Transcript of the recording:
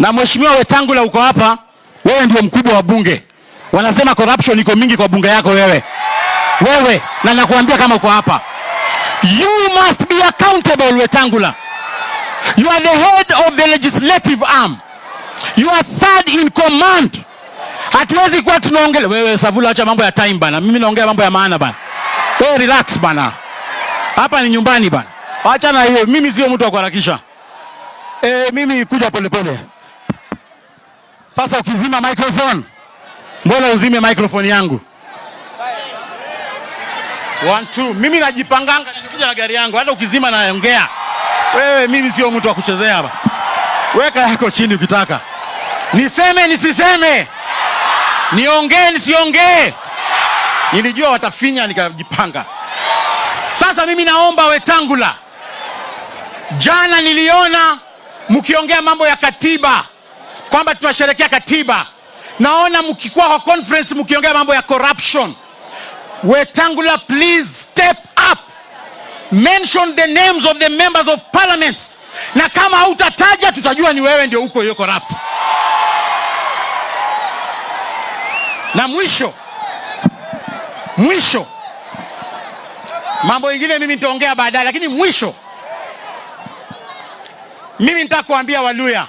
na mheshimiwa Wetangula uko hapa, wewe ndio mkubwa wa bunge. Wanasema corruption iko mingi kwa bunge yako wewe, wewe na nakuambia kama uko hapa, you must be accountable Wetangula. You are the head of the legislative arm, you are third in command. Hatuwezi kuwa tunaongelea wewe. Savula, acha mambo ya time bana, mimi naongea mambo ya maana bana. Wewe relax bana, hapa ni nyumbani bana, acha na hiyo. Mimi sio mtu wa kuharakisha. Eh, mimi kuja polepole. pole. Sasa ukizima microphone, mbona uzime microphone yangu? One, two. Mimi najipanganga nikuja na gari yangu, hata ukizima naongea. Wewe mimi sio mtu wa kuchezea hapa. Weka yako chini ukitaka. Niseme nisiseme, niongee nisiongee, nilijua watafinya, nikajipanga. Sasa mimi naomba Wetangula, jana niliona mkiongea mambo ya katiba kwamba tunasherekea katiba. Naona mkikuwa kwa conference mkiongea mambo ya corruption. Wetangula, please step up, mention the names of the members of parliament, na kama hautataja tutajua ni wewe ndio uko hiyo corrupt. Na mwisho mwisho, mambo ingine mimi nitaongea baadaye, lakini mwisho, mimi nitakuambia Waluya